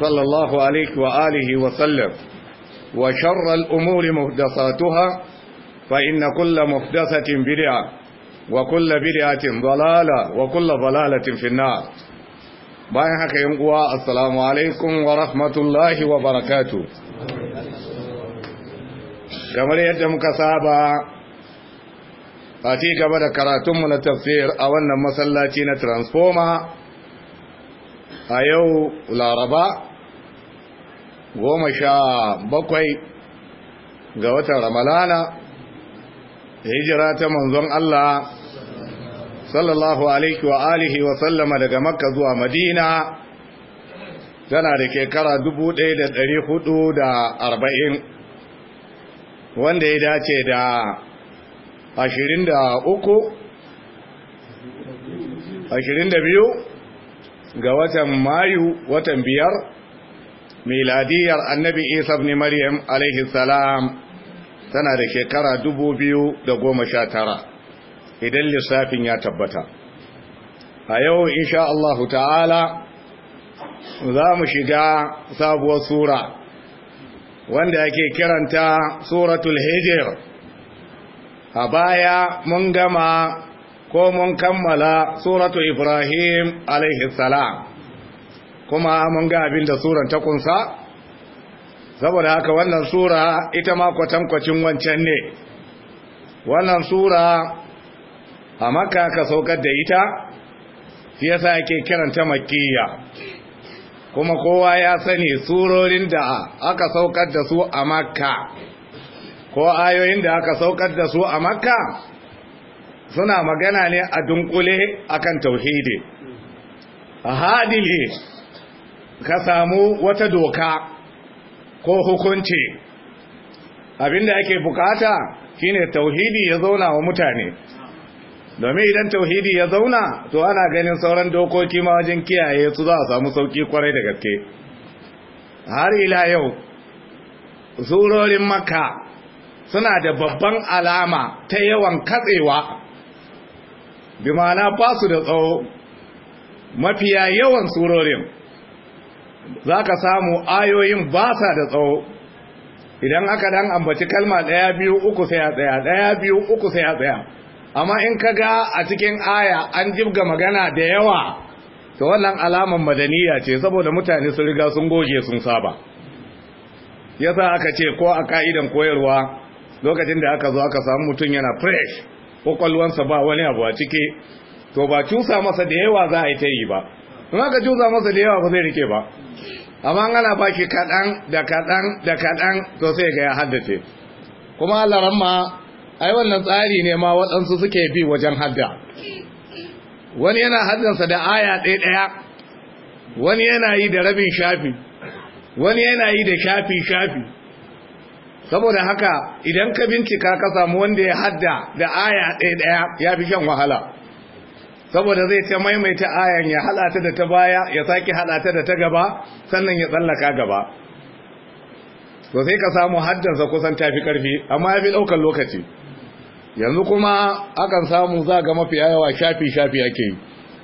صلى الله عليه وآله وسلم وشر الأمور محدثاتها فإن كل محدثة بدعة وكل بدعة ضلالة وكل ضلالة في النار bayan haka yin uwa assalamu alaikum wa rahmatullahi wa barakatu kamar yadda muka saba a ci gaba da karatunmu na tafsir a wannan masallaci na transformer a yau laraba goma sha bakwai ga watan ramalana hijira ta manzon Allah sallallahu alaihi wa alihi wa sallama daga makka zuwa madina tana da kekara arba'in, wanda ya dace da ashirin da uku, ashirin da biyu ga watan mayu watan biyar miladiyar annabi isa ibn maryam alaihi salam tana da shekara 2019 idan lissafin ya tabbata a yau insha Allah ta'ala za mu shiga sabuwar sura wanda ake kiranta suratul hijr a baya mun gama ko mun kammala suratul ibrahim alaihi salam kuma mun ga abin da suran ta kunsa saboda haka wannan sura ita ma kwatankwacin wancan ne wannan sura a maka ka saukar da ita shi yasa ake kiranta makkiya kuma kowa ya sani surorin da aka saukar da su a makka ko ayoyin da aka saukar da su a makka suna magana ne a dunkule akan tauhidi a hadili ka samu wata doka ko hukunci abinda ake bukata shine tauhidi ya zauna wa mutane domin idan tauhidi ya zauna to ana ganin sauran dokoki ma wajen kiyaye su za a samu sauki kwarai da gaske har ila yau surorin makka suna da babban alama ta yawan katsewa bi ma'ana ba su da tsawo mafiya yawan surorin za ka samu ayoyin ba sa da tsawo idan aka dan ambaci kalma ɗaya biyu uku sai a tsaya daya biyu uku sai a tsaya amma in ka ga a cikin aya an jibga magana da yawa to wannan alaman madaniya ce saboda mutane sun riga sun goge sun saba yasa aka ce ko a ka'idan koyarwa lokacin da aka zo aka samu mutum yana fresh kwakwalwansa ba wani abu a ciki to ba cusa masa da yawa za a yi ta yi ba in aka juza masa da yawa ba zai rike ba amma ana baki kaɗan da kaɗan da kaɗan to sai ga ya haddace kuma Allah ramma ai wannan tsari ne ma waɗansu suke bi wajen hadda wani yana haddansa da aya ɗaya ɗaya wani yana yi da rabin shafi wani yana yi da shafi shafi saboda haka idan ka bincika ka samu wanda ya hadda da aya ɗaya ɗaya ya fi shan wahala saboda zai ta maimaita ayan ya halata da ta baya ya sake halata da ta gaba sannan ya tsallaka gaba to sai ka samu haddansa kusan tafi karfi amma ya fi ɗaukar lokaci yanzu kuma akan samu za ga mafi yawa shafi shafi ake yi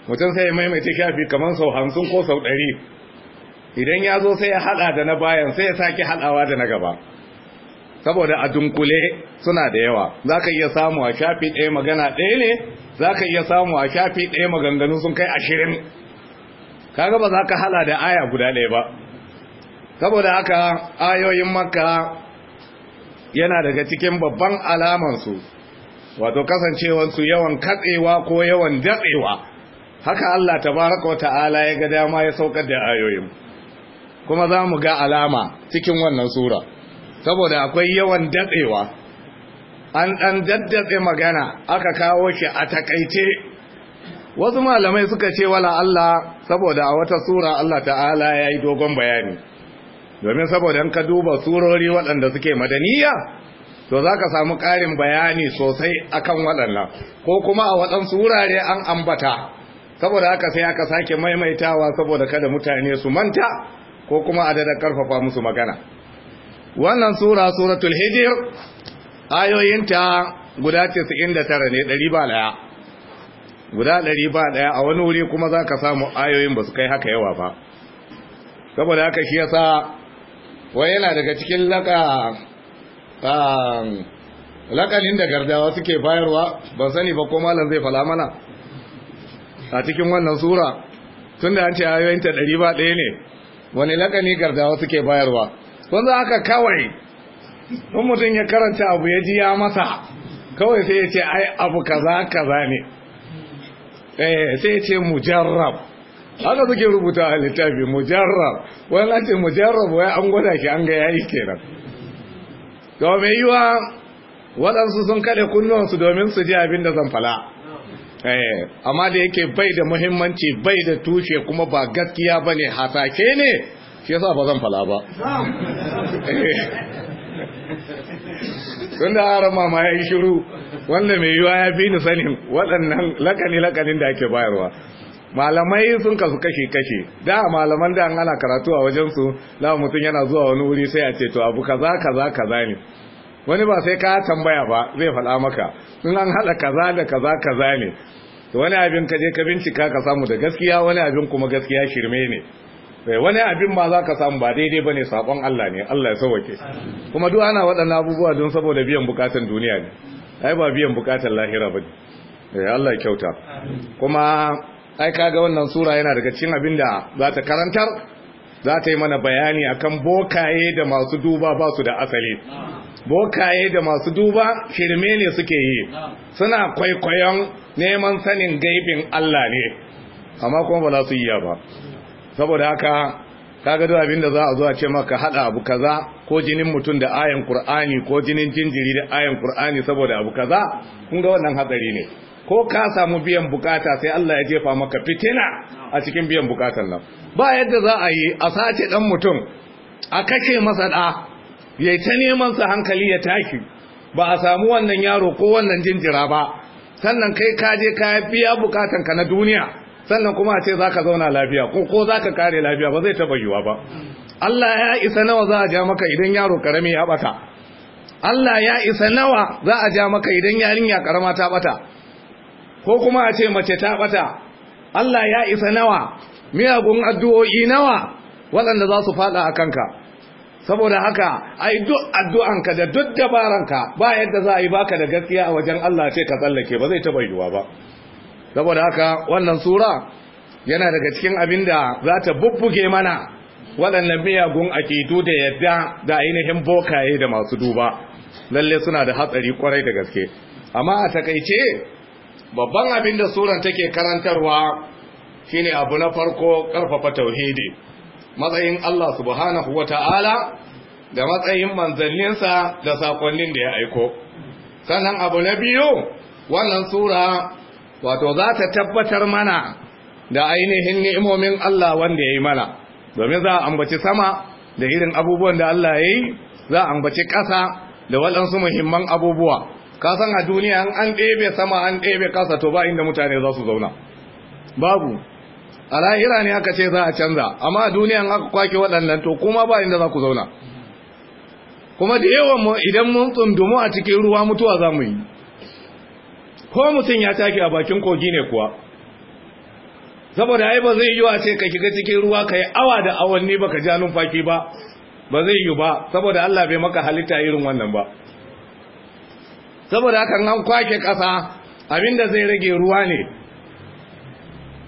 mutum sai ya maimaita shafi kamar sau hamsin ko sau ɗari idan ya zo sai ya haɗa da na bayan sai ya sake haɗawa da na gaba saboda a dunkule suna da yawa za ka iya samu a shafi ɗaya magana ɗaya ne za ka iya samu a shafi ɗaya maganganu sun kai ashirin kaga ba za ka hala da aya guda ɗaya ba saboda haka ayoyin maka yana daga cikin babban alamansu wato kasancewansu yawan katsewa ko yawan datsewa haka Allah tabaraka wa ta'ala ya ga dama ya saukar da ayoyin kuma za mu ga alama cikin wannan sura saboda akwai yawan datsewa an ɗan daddatse magana aka kawo shi a takaice wasu malamai suka ce wala Allah saboda a wata sura Allah ta'ala ya yi dogon bayani domin saboda in ka duba surori waɗanda suke madaniya to za ka samu ƙarin bayani sosai akan waɗannan ko kuma a waɗan wurare an ambata saboda aka sai aka sake maimaitawa saboda kada mutane su manta ko kuma a dada ƙarfafa musu magana wannan sura suratul hijr ayoyinta guda 99 ne 101 ba guda 101 ba a wani wuri kuma za ka samu ayoyin ba su kai haka yawa ba saboda haka shi yasa wai yana daga cikin laka lakalin da gardawa suke bayarwa ban sani ba ko malam zai fala mana a cikin wannan sura tunda an ce ayoyinta 101 ba ne wani lakani gardawa suke bayarwa wanda aka kawai in mutum ya karanta abu ya ji ya masa kawai sai ya ce ai abu kaza kaza ne eh, sai ya ce mujarrab haka suke rubuta a littafi mujarrab wani na ce mujarrab wai an gwada ki an ga yayi kenan to mai yiwa waɗansu sun kaɗe kunnuwansu domin su ji abin da zan fala eh, amma da yake bai da muhimmanci bai da tushe kuma ba gaskiya ba ne hasake ne shi yasa ba zan fala ba Tunda a mama ya yi shiru wanda mai yiwa ya fi ni sanin waɗannan lakani-lakanin da ake bayarwa malamai sun kasu kashe-kashe da malaman da an ana karatu a wajensu za mutum yana zuwa wani wuri sai a ce to abu kaza kaza kaza ne wani ba sai ka tambaya ba zai faɗa maka in an haɗa kaza da kaza kaza ne wani abin ka je ka bincika ka samu da gaskiya wani abin kuma gaskiya shirme ne Eh, wani abin ba za ka samu ba daidai ba ne sabon Allah ne Allah ya sauwake kuma duk ana waɗannan abubuwa don saboda biyan bukatan duniya ne ai ba biyan bukatan lahira ba ne eh, Allah ya kyauta kuma ai kaga wannan sura yana daga cikin abin da za ta karantar za ta yi mana bayani akan bokaye da masu duba ba su da asali bokaye da masu duba shirme ne suke yi suna kwaikwayon neman sanin gaibin Allah ne amma kuma ba za su yi ya ba saboda haka ka ga duk abin da za a zo a ce maka hada abu kaza ko jinin mutum da ayan qur'ani ko jinin jinjiri da ayan qur'ani saboda abu kaza kun ga wannan hatsari ne ko ka samu biyan bukata sai Allah ya jefa maka fitina a cikin biyan bukatan nan ba yadda za a yi a sace dan mutum a kashe masa da yayi ta neman sa hankali ya tashi ba a samu wannan yaro ko wannan jinjira ba sannan kai ka je ka biya bukatan ka na duniya sannan kuma a ce za ka zauna lafiya ko za ka kare lafiya ba zai taba yiwa ba Allah ya isa nawa za a ja maka idan yaro karami ya bata Allah ya isa nawa za a ja maka idan yarinya karama ta bata ko kuma a ce mace ta bata Allah ya isa nawa miyagun addu'o'i nawa waɗanda za su fada a kanka saboda haka ai duk addu'anka da duk dabaranka ba yadda za a yi baka da gaskiya a wajen Allah ce ka tsallake ba zai taba yiwa ba saboda haka wannan sura yana daga cikin abin da za ta bubbuge mana waɗannan miyagun akidu da yadda da ainihin bokaye da masu duba lalle suna da hatsari kwarai da gaske amma a takaice babban abin da suran take karantarwa shine abu na farko ƙarfafa tauhidi matsayin Allah subhanahu ta'ala da matsayin manzanninsa da saƙonnin da ya aiko sannan abu na biyu wannan sura wato za ta tabbatar mana da ainihin ni'imomin Allah wanda ya yi mana domin za a ambaci sama da irin abubuwan da Allah ya yi za a ambaci ƙasa da waɗansu muhimman abubuwa kasan a duniya an ɗebe sama an ɗebe ƙasa to ba inda mutane za su zauna babu a lahira ne aka ce za a canza amma a duniya aka kwake waɗannan to kuma ba inda za ku zauna kuma da yawan idan mun tsundumu a cikin ruwa mutuwa za mu yi ko mutum ya take a bakin kogi ne kuwa saboda ai ba zai yi wa ce ka shiga cikin ruwa ka yi awa da awanni baka ja numfashi ba ba zai yi ba saboda Allah bai maka halitta irin wannan ba saboda hakan an kwake kasa abinda zai rage ruwa ne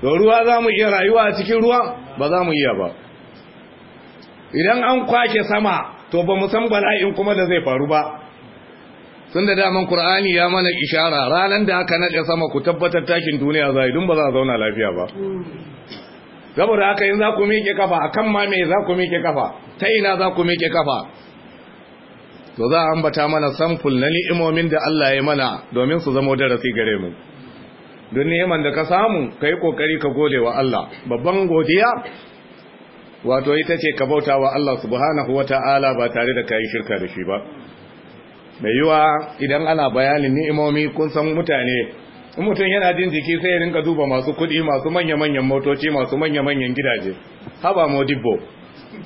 to ruwa za mu iya rayuwa a cikin ruwa ba za mu iya ba idan an kwake sama to ba mu san bala'in kuma da zai faru ba tun da daman Kur'ani ya mana ishara ranar da aka naɗe sama ku tabbatar takin duniya za dun ba za a zauna lafiya ba saboda haka yin za ku miƙe kafa a kan ma me za ku miƙe kafa ta ina za ku miƙe kafa to za a ambata mana samful na ni'imomin da Allah ya mana domin su zama darasi gare mu don neman da ka samu ka yi ƙoƙari ka gode wa Allah babban godiya wato ita ce ka bauta wa Allah subhanahu wa ta'ala ba tare da ka yi shirka da shi ba mai yiwa idan ana bayanin ni'imomi kun san mutane in mutum yana jin jiki sai ya rinka duba masu kuɗi masu manya-manyan motoci masu manya-manyan gidaje haba modibbo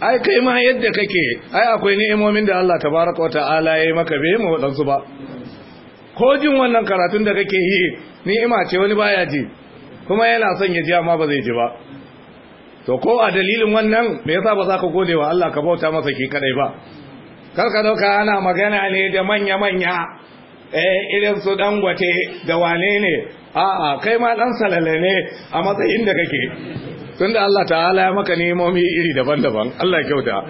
ai kai ma yadda kake ai akwai ni'imomin da Allah tabaraka wata'ala ya yi maka bai mu waɗansu ba ko jin wannan karatun da kake yi ni'ima ce wani baya ji kuma yana son ya ji amma ba zai ji ba to ko a dalilin wannan me yasa ba za ka gode wa Allah ka bauta masa ke kadai ba karka dauka ana magana ne da manya-manya eh irin su dangote da wane ne a'a kai ma dan salale ne a matsayin da kake tunda Allah ta'ala ya maka nemomi iri daban-daban Allah kyauta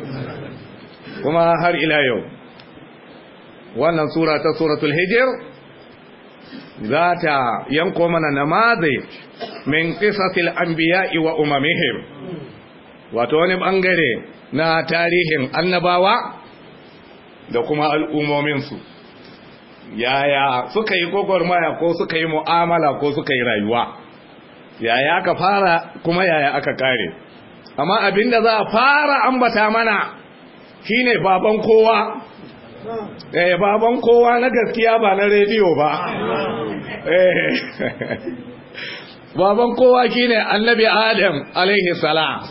kuma har ila yau wannan sura ta suratul hijr za ta yanko mana namazi min qisasil anbiya'i wa umamihim wato wani bangare na tarihin annabawa da kuma al'ummominsu yaya suka yi maya ko suka yi mu'amala ko suka yi rayuwa yaya aka fara kuma yaya aka kare amma abinda za a fara ambata mana shine baban kowa eh baban kowa na gaskiya ba na rediyo ba eh, baban kowa shine annabi adam alaihi salam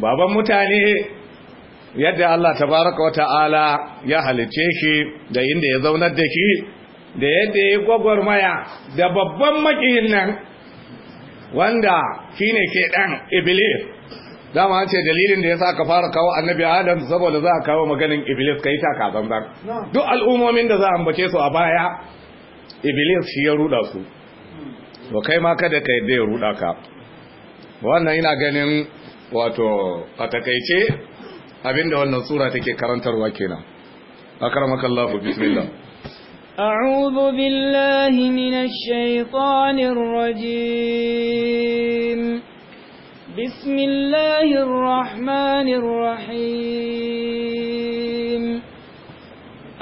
baban mutane yadda Allah tabaraka wa ta'ala ya halice shi da inda ya zaunar da shi da yadda ya yi gwagwarmaya da babban makihin nan wanda shine ke ɗan iblis mu ce dalilin da ya sa ka fara kawo annabi adam saboda za a kawo maganin iblis yi ta ka zanzan duk al'ummomin da za a ambace su a baya iblis shi ya ruda su to kai ma kada ka yadda ya ruda ka wannan ina ganin wato a takaice abinda wannan sura take karantarwa kenan akramakallahu bismillah أعوذ بالله من الشيطان الرجيم بسم الله الرحمن الرحيم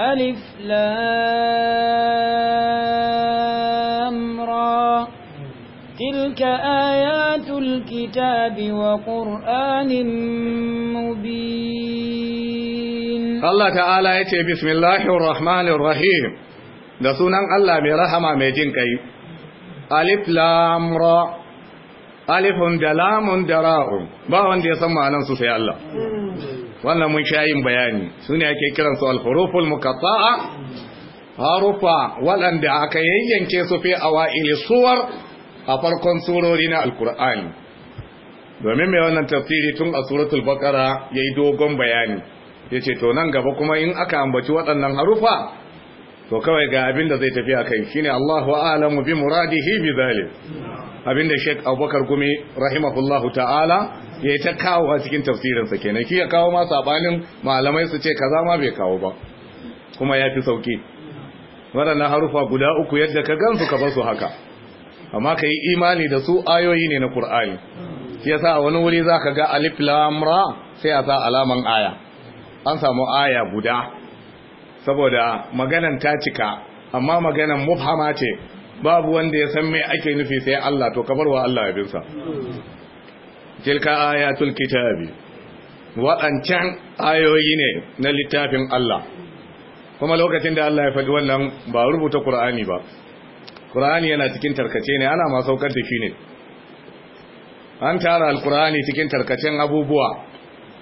ألف لام را تلك آيات الكتاب وقرآن Allah ta'ala ya ce bismillahir rahmanir rahim da sunan Allah mai rahama mai jin kai alif lam alifun da lamun da ra'un ba wanda ya san ma'anar su sai Allah wannan mun sha yin bayani ne ake kiran su al-huruful harufa waɗanda aka yayyanke su fi awa'il suwar a farkon surori na alkur'ani domin mai wannan tafsiri tun a suratul bakara ya yi dogon bayani ya ce to nan gaba kuma in aka ambaci waɗannan harufa to kawai ga abin da zai tafi a kai shine Allahu a'lamu bi muradihi bi zalim abin da Sheikh Abubakar Gumi rahimahullahu ta'ala ya ta kawo a cikin tafsirin sa kenan ki ya kawo ma sabanin malamai su ce kaza ma bai kawo ba kuma yafi sauki waɗannan harufa guda uku yadda ka gansu ka basu haka amma ka yi imani da su ayoyi ne na Qur'ani shi yasa a wani wuri zaka ga alif lam ra sai a sa alaman aya an samu aya guda saboda maganan ta cika amma maganan mufhama ce babu wanda ya san me ake nufi sai Allah to wa Allah binsa tilka ayatul kitabi waɗancan ayoyi ne na littafin Allah kuma lokacin da Allah ya faɗi wannan ba rubuta Qur'ani ba Qur'ani yana cikin tarkace ne ana ma saukar da shi ne an tara alqur'ani cikin tarkacen abubuwa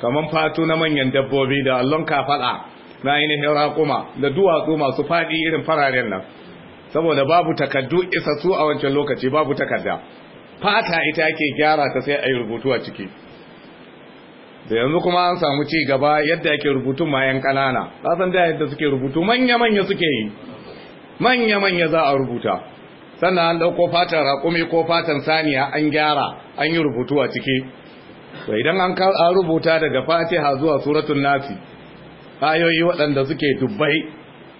kamar fatu na manyan dabbobi da allon kafada na ainihin raƙuma da duwatsu masu faɗi irin fararen nan saboda babu takaddu isassu a wancan lokaci babu takarda. fata ita ke gyara ta sai a yi rubutu a ciki da yanzu kuma an samu ci gaba yadda ake rubutu ma yan ƙanana ƙasan da yadda suke rubutu manya-manya suke yi manya-manya za a rubuta sannan an ɗauko fatan raƙumi ko fatan saniya an gyara an yi rubutu a ciki to idan an rubuta daga fatiha zuwa suratul nasi ayoyi waɗanda suke dubbai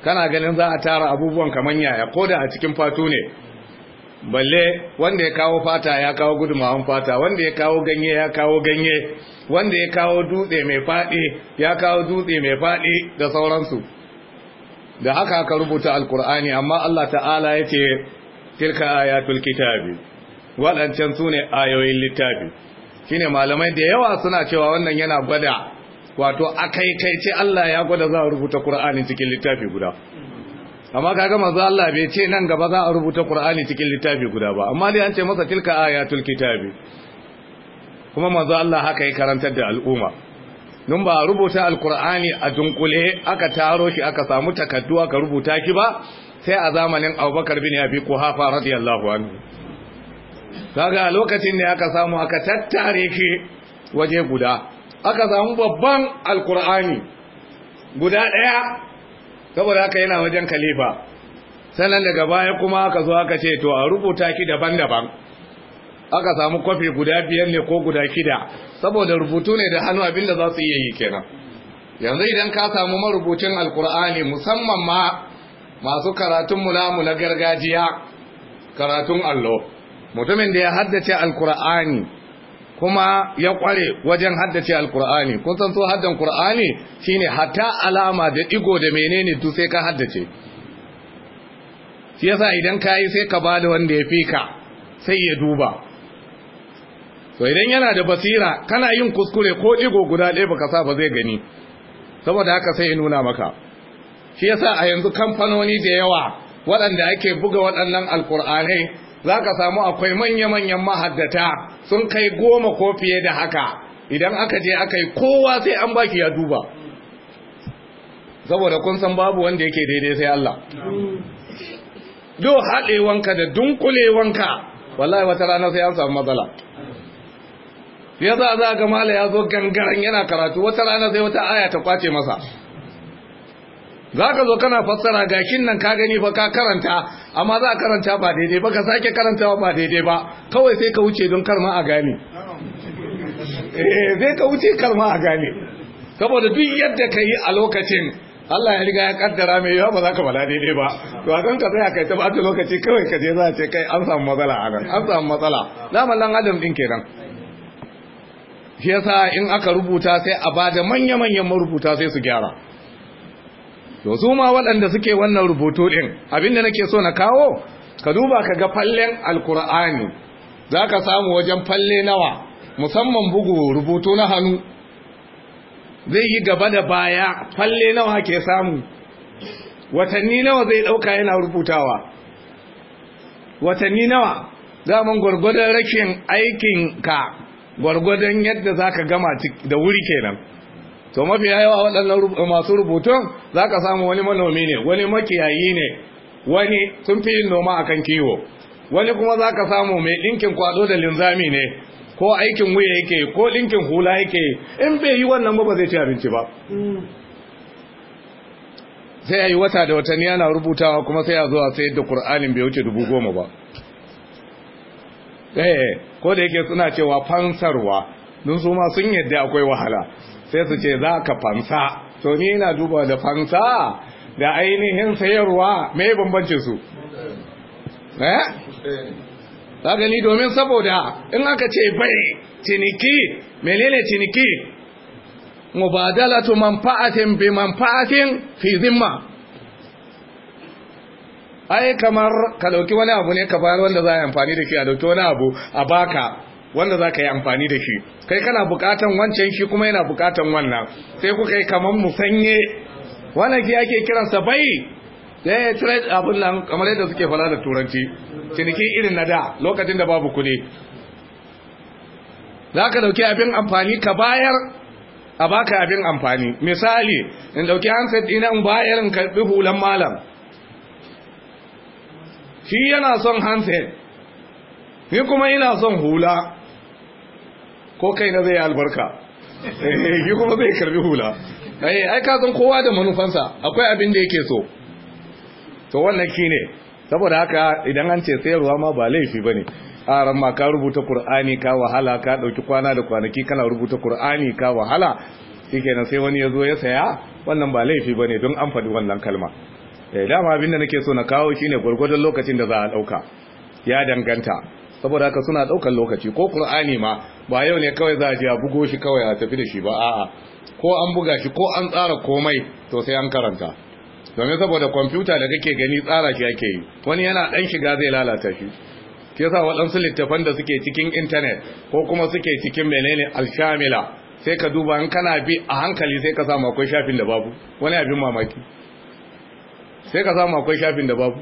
kana ganin za a tara abubuwan kaman yaya ko da a cikin fatu ne balle wanda ya kawo fata ya kawo gudumawan fata wanda ya kawo ganye ya kawo ganye wanda ya kawo dutse mai faɗi ya kawo dutse mai faɗi da sauransu da haka aka rubuta alkur'ani amma Allah ta'ala ya ce tilka ayatul kitabi waɗancan su ne ayoyin littafi shine malamai da yawa suna cewa wannan yana gwada wato ce Allah ya gwada za a rubuta Qur'ani cikin littafi guda amma kaga manzo Allah bai ce nan gaba za a rubuta Qur'ani cikin littafi guda ba amma dai an ce masa tilka ayatul kitabi kuma manzo Allah haka ya karantar da al'umma nun ba a rubuta alqur'ani a dunkule aka taro shi aka samu takaddu aka rubuta ki ba sai a zamanin Abubakar bin Abi Quhafa radiyallahu anhu kaga a lokacin da aka samu aka tattare shi waje guda aka samu babban alkur'ani guda ɗaya saboda haka yana wajen kalifa sannan daga baya kuma aka zo aka ce to a rubuta ki daban-daban aka samu kwafi guda biyar ne ko guda shida saboda rubutu ne da hannu abinda za su iya yi kenan yanzu idan ka samu marubucin alkur'ani musamman ma masu karatun mulamu na gargajiya karatun allo mutumin da ya haddace alkur'ani kuma ya kware wajen haddace alkur'ani kun san so haddan qur'ani shine hatta alama da digo da menene to sai ka haddace shi yasa idan kai sai ka bada wanda ya fika sai ya duba to idan yana da basira kana yin kuskure ko digo guda ɗaya baka sa ba zai gani saboda haka sai ya nuna maka shi yasa a yanzu kamfanoni da yawa waɗanda ake buga waɗannan alkur'anai za ka samu akwai manya-manyan mahaddata sun kai goma ko fiye da haka idan aka je aka yi kowa sai an baki ya duba saboda kun san babu wanda yake daidai sai Allah do haɗewanka da dunkulewanka wallahi wata rana sai an samu matsala ya za za ga mala ya zo gangaren yana karatu wata rana sai wata aya ta kwace masa za ka zo kana fassara gashin nan ka gani ba ka karanta amma za a karanta ba daidai ba ka sake karantawa ba daidai ba kawai sai ka wuce don karma a gane eh, sai ka wuce karma a gane saboda duk yadda ka yi a lokacin Allah ya riga ya kaddara mai yawa ba za ka bala daidai ba to a kan ka tsaya kai ta bata lokaci kawai ka je za a ce kai an samu matsala a nan an samu matsala naman lan adam din kenan shi yasa in aka rubuta sai a bada manya-manyan marubuta sai su gyara to su ma waɗanda suke wannan rubutu ɗin abinda nake so na kawo ka duba ka ga fallen alkur'ani za ka samu wajen falle nawa musamman bugu rubutu na hannu zai yi gaba da baya falle nawa ke samu watanni nawa zai ɗauka yana rubutawa watanni nawa za mun gwargwadon rakin aikinka gwargwadon yadda za ka gama da wuri kenan to mafi yawa waɗannan masu rubutun za ka samu wani manomi ne wani makiyayi ne wani sun fi yin noma a kan kiwo wani kuma za ka samu mai ɗinkin kwado da linzami ne ko aikin wuya yake ko ɗinkin hula yake in bai yi wannan ba ba zai ci abinci ba mm. sai ya yi wata da watanni yana rubutawa kuma sai ya zuwa sayar da ƙur'anin bai wuce dubu goma ba eh, eh, ko da yake suna cewa fansarwa don su ma sun yadda akwai wahala sai su ce za ka fansa to ni na duba da fansa da ainihin sayarwa mai bambancin su eh za gani domin saboda in aka ce bai ciniki menene ciniki mubadalatu manfa'atin bi manfa'atin fi zimma ai kamar ka dauki wani abu ne ka bayar wanda za a yi amfani da ke a dauki wani abu a baka wanda za ka yi amfani da shi kai kana bukatan wancan shi kuma yana bukatan wannan sai kuka yi kamar sanye wannan shi ake kiransa bai ya yi abin nan kamar yadda suke fara da turanci ciniki irin na da lokacin da babu kuɗi za ka dauki abin amfani ka bayar a baka abin amfani misali in dauki handset ɗina in bayar in karɓi hulan malam shi yana son handset ni kuma ina son hula ko kai na zai albarka yi eh, kuma zai karbi hula eh, ai ka san kowa da manufansa akwai abin da yake so to wannan shine saboda haka idan an ce sayarwa ma ba laifi ba ne a ramma ka rubuta Kur'ani ka wahala ka ɗauki kwana da kwanaki kana rubuta Kur'ani ka wahala shikenan sai wani ya zo ya saya wannan ba laifi ba ne don an faɗi wannan kalma eh dama abin da nake so na kawo shi ne gurgurdan lokacin da za a ɗauka. ya danganta saboda haka suna daukan lokaci ko qur'ani ma ba yau ne kawai za a ji a bugo shi kawai a tafi da shi ba a'a ko an buga shi ko an tsara komai to sai an karanta domin saboda kwamfuta da kake gani tsara shi ake yi wani yana dan shiga zai lalata shi ke sa waɗansu littafan da suke cikin intanet ko kuma suke cikin menene alshamila sai ka duba in kana bi a hankali sai ka samu akwai shafin da babu wani abin mamaki sai ka samu akwai shafin da babu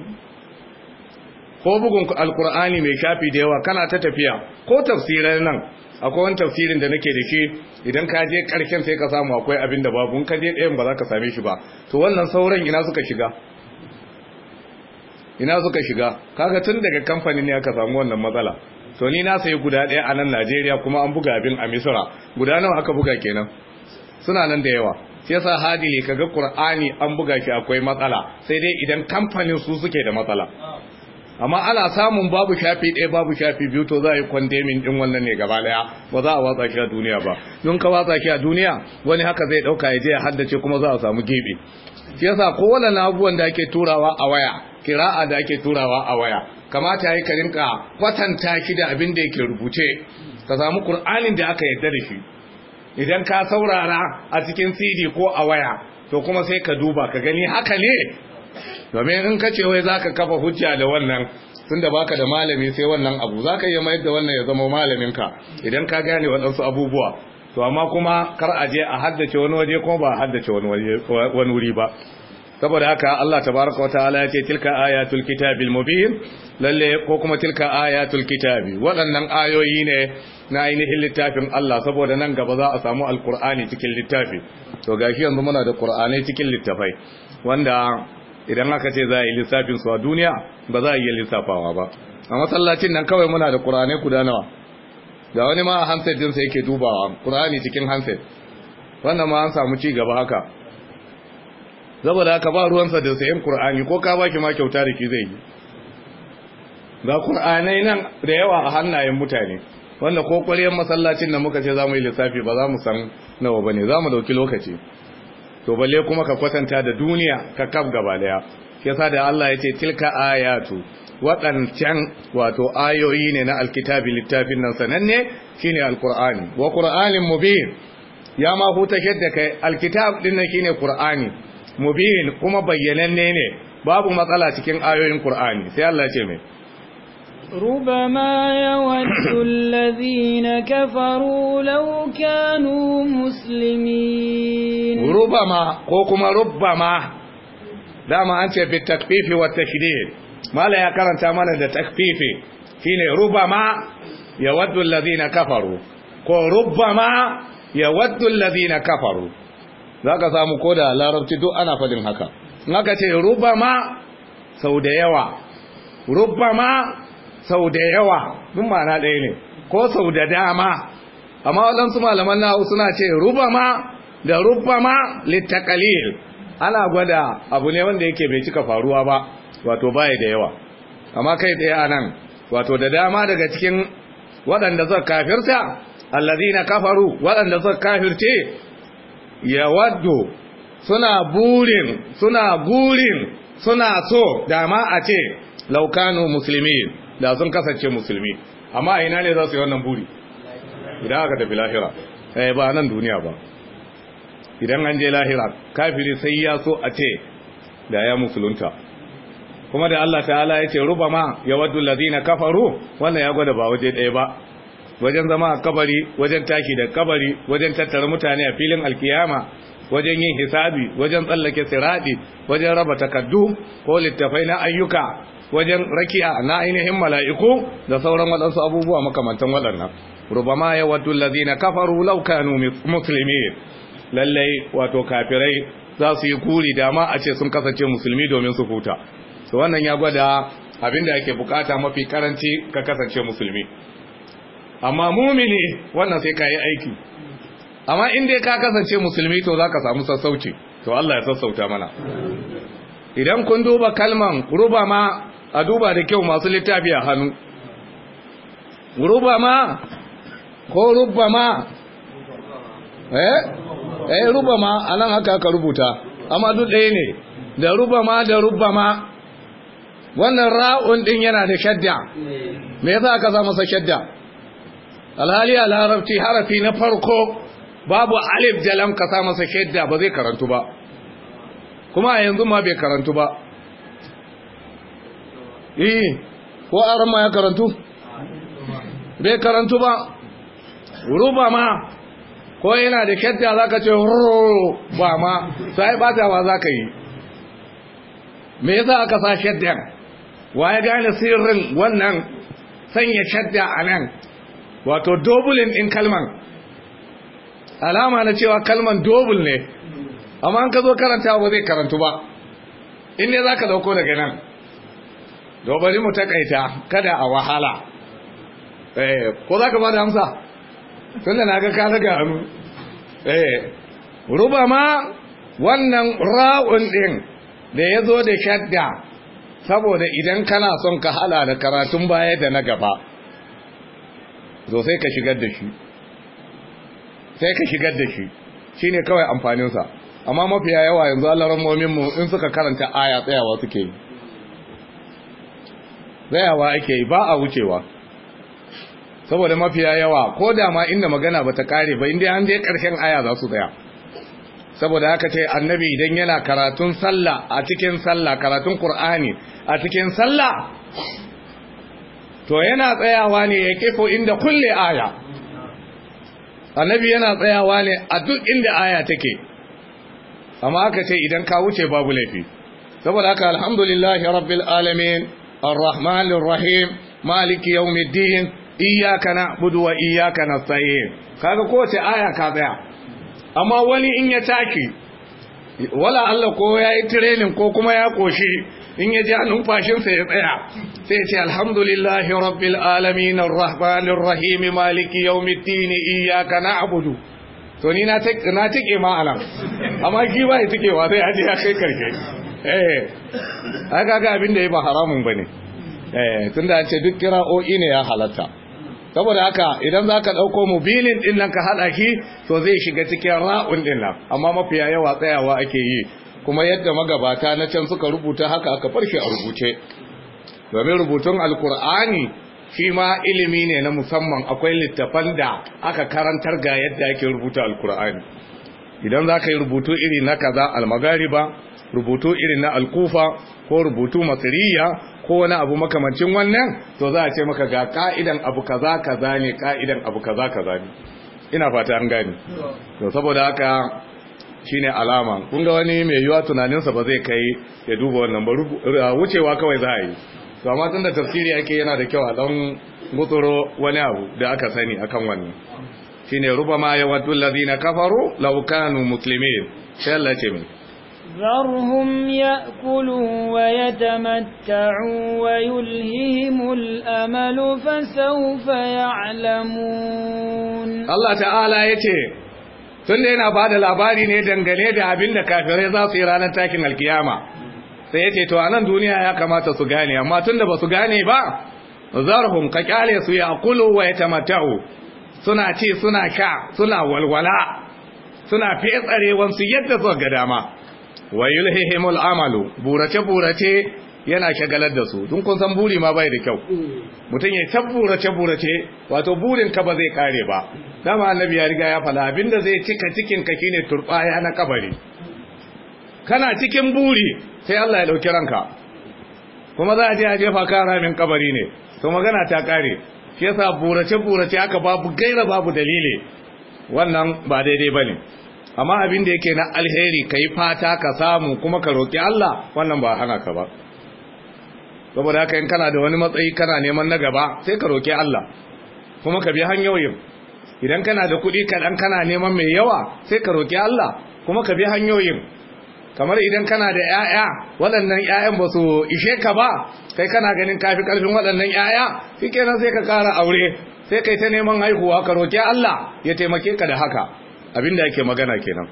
ko bugun alkur'ani mai shafi da yawa kana ta tafiya ko tafsirar nan akwai wani tafsirin da nake da ke idan ka je karshen sai ka samu akwai abin da babu in ka je ɗayan ba za ka same shi ba to wannan sauran ina suka shiga ina suka shiga kaga tun daga kamfanin ne aka samu wannan matsala to ni na sayi guda ɗaya a nan Najeriya kuma an buga abin a Misira. guda nawa aka buga kenan suna nan da yawa shi yasa ne kaga Qur'ani an buga shi akwai matsala sai dai idan kamfanin su suke da matsala amma ana samun babu shafi ɗaya babu shafi biyu to za a yi kwandemin ɗin wannan ne gaba ɗaya ba za a watsa shi a duniya ba don ka watsa shi a duniya wani haka zai ɗauka ya je ya haddace kuma za a samu gebe shi yasa kowane na abubuwan da ake turawa a waya kira'a da ake turawa a waya kamata ya yi ka rinka kwatanta shi da abin da yake rubuce ka samu kur'anin da aka yarda da shi idan ka saurara a cikin cd ko a waya to kuma sai ka duba ka gani haka ne domin in ka ce wai zaka kafa hujja da wannan tunda baka da malami sai wannan abu zaka iya mayar da wannan ya zama malamin ka idan ka gane waɗansu abubuwa to amma kuma kar a je a haddace wani waje kuma ba a haddace wani wuri ba saboda haka Allah tabaraka wataala ya ce tilka ayatul kitabil mubin lalle ko kuma tilka ayatul kitabi waɗannan ayoyi ne na ainihin littafin Allah saboda nan gaba za a samu alqur'ani cikin littafi to gashi yanzu muna da qur'ani cikin littafai wanda idan aka ce za a yi lissafin su a duniya ba za a iya lissafawa ba a masallacin nan kawai muna da ƙurane guda nawa Da wani ma a handset dinsa yake dubawa ƙurane cikin hanset? wannan ma an samu ci gaba haka saboda aka ba ruwansa da sayan ƙur'ani ko ka baki ma kyauta da ki zai yi ga ƙurane nan da yawa a hannayen mutane wanda ko ƙwariyar masallacin da muka ce za mu yi lissafi ba za mu san nawa ba ne za mu ɗauki lokaci to balle kuma ka kwatanta da duniya ka kaf gaba daya shi yasa da Allah ya ce tilka ayatu waɗancan wato ayoyi ne na alkitabi littafin nan sananne shine alqur'ani wa qur'anin mubin ya ma huta shadda kai alkitab din nan shine qur'ani mubin kuma bayyananne ne babu matsala cikin ayoyin qur'ani sai Allah ya ce mai ربما يود الذين كفروا لو كانوا مسلمين ربما كوكما ربما داما أنت بالتكفيف والتشديد ما لا يقرن تامانا التكفيف فيني ربما يود الذين كفروا ko rubbama ya waddu allazina kafaru zaka samu koda larabci duk ana fadin haka in aka ce rubbama sau da yawa rubbama sau da yawa duk ma'ana ɗaya ne ko sau da dama amma waɗansu malaman nahu suna ce ma da ma littakalil ana gwada abu ne wanda yake bai cika faruwa ba wato baya da yawa amma kai ɗaya a nan wato da dama daga cikin waɗanda zai kafirta na kafaru waɗanda zai kafirce ya waddo suna burin suna burin suna so dama a ce laukanu musulmi da sun kasance musulmi amma a ina ne za su yi wannan buri idan aka tafi lahira eh ba nan duniya ba idan an je lahira kafiri sai ya so a ce da ya musulunta kuma da Allah ta'ala ya ce rubama ya waddu lazina kafaru wannan ya gwada ba waje ɗaya ba wajen zama a kabari wajen tashi da kabari wajen tattara mutane a filin alkiyama wajen yin hisabi wajen tsallake siradi wajen raba takaddu ko littafai na ayyuka wajen raki'a na ainihin mala'iku da sauran waɗansu abubuwa makamantan waɗannan rubama ya waddu lazina kafaru laukanu musulmi lallai wato kafirai za su yi kuri dama a ce sun kasance musulmi domin su huta su wannan ya gwada abinda yake bukata mafi karanci ka kasance musulmi amma mumini wannan sai ka yi aiki amma in dai ka kasance musulmi to za ka samu sassauci to Allah ya sassauta mana idan kun duba kalman rubama a duba da kyau masu littafi a hannu rubama ko ma? eh eh a anan haka aka rubuta amma duk ɗaya ne da ma, da ma wannan ra'un din yana da shadda me yasa aka sa masa shadda alhali a larabci harafi na farko babu alif jalam ka sa masa shadda ba zai karantu ba kuma a yanzu ma bai karantu ba eh ko aran ya karantu bai karantu ba ruba ma ko yana da kyatta za ka ce ba ma sai bata ba za ka yi me yasa aka sa shaddan wa ya gane sirrin wannan sanya shadda a nan wato dobulin ɗin kalman alama na cewa kalman dobul ne amma an ka zo karanta ba zai karantu ba in ne za ka dauko daga nan to bari mu takaita kada a wahala eh ko za ka ba da amsa tunda na ga ka daga hannu eh rubama wannan ra'un din da ya zo da shadda saboda idan kana son ka hala da karatun baya da na gaba zo sai ka shigar da shi sai ka shigar da shi shine kawai amfaninsa amma mafiya yawa yanzu alaran momin mu in suka karanta aya tsayawa suke yi tsayawa ake yi ba a wucewa saboda mafiya yawa ko da ma inda magana bata kare ba inda an je karshen aya za su tsaya saboda haka ce annabi idan yana karatun sallah a cikin sallah karatun qur'ani a cikin sallah to yana tsayawa ne ya kefo inda kulle aya annabi yana tsayawa ne a duk inda aya take amma aka ce idan ka wuce babu laifi saboda haka alhamdulillahi rabbil alamin الرحمن الرحيم مالك يوم الدين إياك نعبد وإياك نستعين kaga kowace aya ka tsaya amma wani in ya taki wala Allah ko ya yi tirenin ko kuma ya koshi in ya ji numfashinsa ya tsaya sai ce alhamdulillahi rabbil alamin arrahmanir rahim maliki yawmiddin iyyaka na'budu to ni na take na take ma amma ki ba ya ke, wa sai aje ya kai karshe eh aka ga abin da ya ba haramun bane eh tunda an ce duk kira'o'i ne ya halatta saboda haka idan zaka dauko mobilin din nan ka haɗa shi, to zai shiga cikin ra'un din nan amma mafiya yawa tsayawa ake yi kuma yadda magabata na can suka rubuta haka aka farshe a rubuce domin rubutun alkur'ani shi ma ilimi ne na musamman akwai littafan da aka karantar ga yadda ake rubuta alkur'ani idan za ka yi rubutu iri na kaza ba. rubutu irin na alkufa ko rubutu masiriya ko wani abu makamancin wannan to za a ce maka ga ka'idan abu kaza kaza ne ka'idan abu kaza kaza ne ina fata an gani to saboda haka shine alama kun wani mai yiwa tunaninsa ba zai kai ya duba wannan ba wucewa kawai za a yi to amma tun da tafsiri ake yana da kyau a dan gutsuro wani abu da aka sani akan wannan shine rubama yawaddu allazina kafaru law kanu muslimin sai Allah ya ce ذرهم يأكلوا ويتمتعوا ويلههم الأمل فسوف يعلمون الله تعالى يتي tun da yana ba da labari ne dangane da abin da kafirai za su yi ranar takin alkiyama sai ya ce to a nan duniya ya kamata su gane amma tun da ba su gane ba zarhum ka kyale su ya kulu wa ya tamata'u suna ci suna sha suna walwala suna fetsarewansu yadda suka ga dama wa yulhihimul amalu burace burace yana shagalar da su tun kun san buri ma bai da kyau mutum ya ta burace burace wato burin ka ba zai kare ba dama annabi ya riga ya fala abinda zai cika cikin ka shine turbaya na kabari kana cikin buri sai Allah ya dauki ranka kuma za a je a jefa ka ramin kabari ne to magana ta kare shi yasa burace burace aka babu gaira babu dalili wannan ba daidai bane amma abin da yake na alheri ka yi fata ka samu kuma ka roƙi Allah wannan ba hana ka ba saboda haka in kana da wani matsayi kana neman na gaba sai ka roƙi Allah kuma ka bi hanyoyin idan kana da kuɗi kaɗan kana neman mai yawa sai ka roƙi Allah kuma ka bi hanyoyin kamar idan kana da 'ya'ya waɗannan 'ya'yan ba su ishe ka ba kai kana ganin kafi ƙarfin waɗannan 'ya'ya shikenan sai ka ƙara aure sai kai ta neman haihuwa ka roƙi Allah ya taimake ka da haka abinda yake magana kenan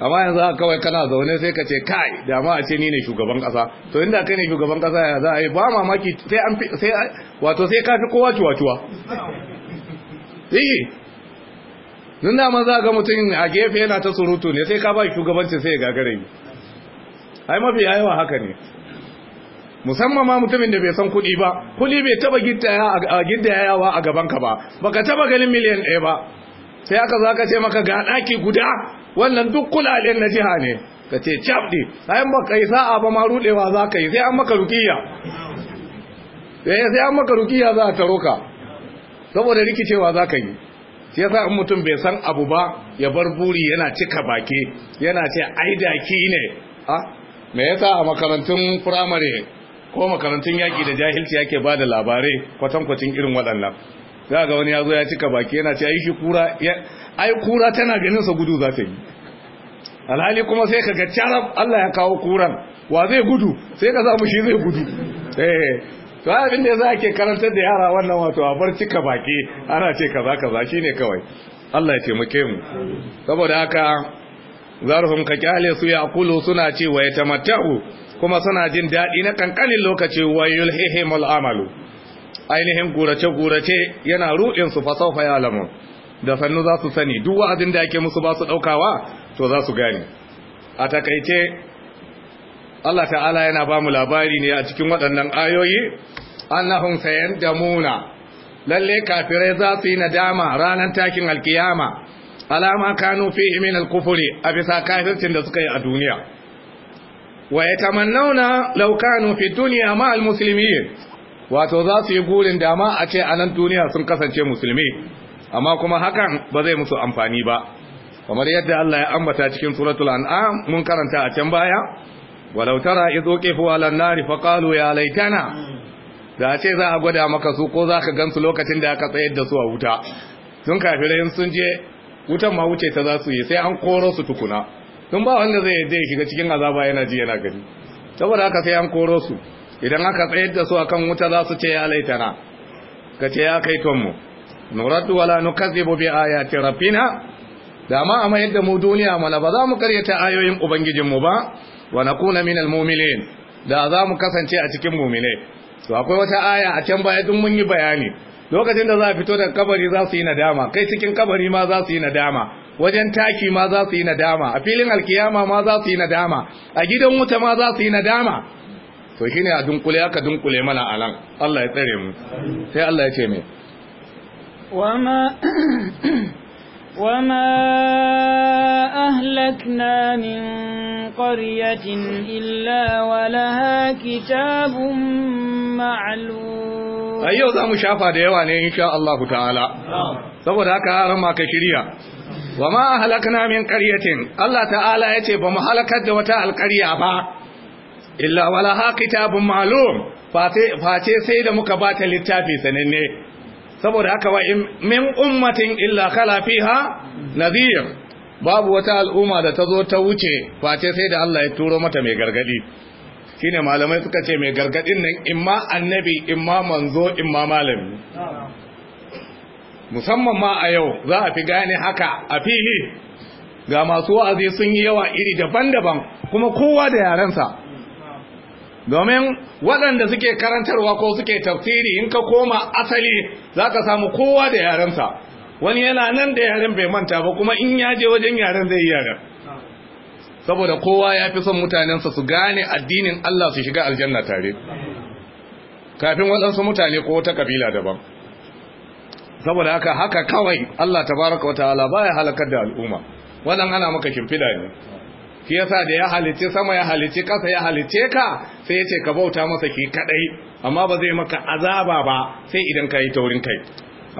amma yanzu haka kawai kana zaune sai ka ce kai da ma a ce ni ne shugaban kasa to inda kai ne shugaban kasa ya za a yi ba mamaki sai an sai wato sai ka fi kowa ciwa-ciwa yi nun da man za ga mutum a gefe yana ta surutu ne sai ka ba shugabanci sai ya gagare ni. ai mafi yawa haka ne musamman ma mutumin da bai san kuɗi ba kuɗi bai taba gidda yawa a gaban ka ba baka taba ganin miliyan ɗaya ba sai aka zaka ce maka ga ɗaki guda wannan duk kulalen na jiha ne ka ce cabɗi sayan ba kai sa'a ba ma rudewa za ka yi sai an maka rukiya eh, sai an maka rukiya za ta roka. saboda rikicewa zaka yi shi yasa in mutum bai san abu ba ya bar buri yana cika baki yana ce ai daki ne a me yasa a makarantun firamare ko makarantun yaki da jahilci yake bada da labarai kwatankwacin irin waɗannan za ga wani ya zo ya cika baki yana ce ai shi kura ai kura tana ganin sa gudu za ta yi alhali kuma sai ka ga carab Allah ya kawo kuran wa zai gudu sai ka samu shi zai gudu eh to abin da yasa ke karantar da yara wannan wato a bar cika baki ana ce kaza kaza shine kawai Allah ya taimake mu saboda haka zarhum ka kyale su ya Kulu suna ce wa tamatta'u kuma suna jin daɗi na kankanin lokaci wa yulhihimul amalu ainihin gurace-gurace yana ruɗin su fasaufa ya da sannu za su sani duk wa'azin da ake musu ba su ɗaukawa to za su gane a takaice Allah ta'ala yana ba mu labari ne a cikin waɗannan ayoyi sayan da Muna, lalle kafirai za su yi nadama ranar takin alkiyama alama kanu fihi imin alkufuri a bisa kafircin da suka yi a duniya wa yatamannawna law laukanu fi duniya ma musulmi wato za su yi gurin dama a ce a nan duniya sun kasance musulmi amma kuma hakan ba zai musu amfani ba kamar yadda Allah ya ambata cikin suratul an'am mun karanta a can baya walau tara idho qifu ala nari fa qalu ya laitana da ce za a gwada maka su ko za ka gansu lokacin da aka tsayar da su a wuta sun kafirai sun je wutan ma wuce ta za su yi sai an koro su tukuna sun ba wanda zai je shiga cikin azaba yana ji yana gani saboda haka sai an koro su idan aka tsayar da su akan wuta za su ce ya laitana ka ce ya kai tonmu nuraddu wala nukazzibu bi ayati rabbina da ma amma yadda mu duniya mala ba za mu karyata ayoyin ubangijinmu ba wa nakuna minal almu'minin da za mu kasance a cikin mu'mine to akwai wata aya a can baya dun mun yi bayani lokacin da za a fito daga kabari za su yi nadama kai cikin kabari ma za su yi nadama wajen taki ma za su yi nadama a filin alkiyama ma za su yi nadama a gidan wuta ma za su yi nadama to ne a dunkule aka dunkule mana a nan Allah ya tsare mu sai Allah ya ce me wama wama ahlakna min qaryatin illa walaha kitabun ma'lum ayo za mu shafa da yawa ne insha Allah ta'ala saboda haka ran ma ka shirya wama ahlakna min qaryatin Allah ta'ala ya ce ba mu halakar da wata alqarya ba illa wala ha kitabun ma'lum face sai da muka bata littafi sananne saboda haka wa min ummatin illa khala fiha nadhir babu wata al'umma da ta zo ta wuce face sai da Allah ya turo mata mai gargadi shine malamai suka ce mai gargadin nan imma annabi imma manzo imma malami musamman ma a yau za a fi gane haka a fili ga masu wa'azi sun yi yawa iri daban-daban kuma kowa da yarensa domin waɗanda suke karantarwa ko suke tafsiri in ka koma asali za ka samu kowa da yarensa wani yana nan da yaren bai manta ba kuma in ya je wajen yaren zai yi yaren saboda kowa ya fi son mutanensa su gane addinin Allah su shiga aljanna tare kafin waɗansu mutane ko wata kabila daban saboda haka haka kawai Allah tabaraka wa ta'ala baya halakar da al'umma wannan ana maka kimfida ne shi yasa da ya halice sama ya halice kasa ya halice ka sai ya ce ka bauta masa ke kadai amma ba zai maka azaba ba sai idan ka yi taurin kai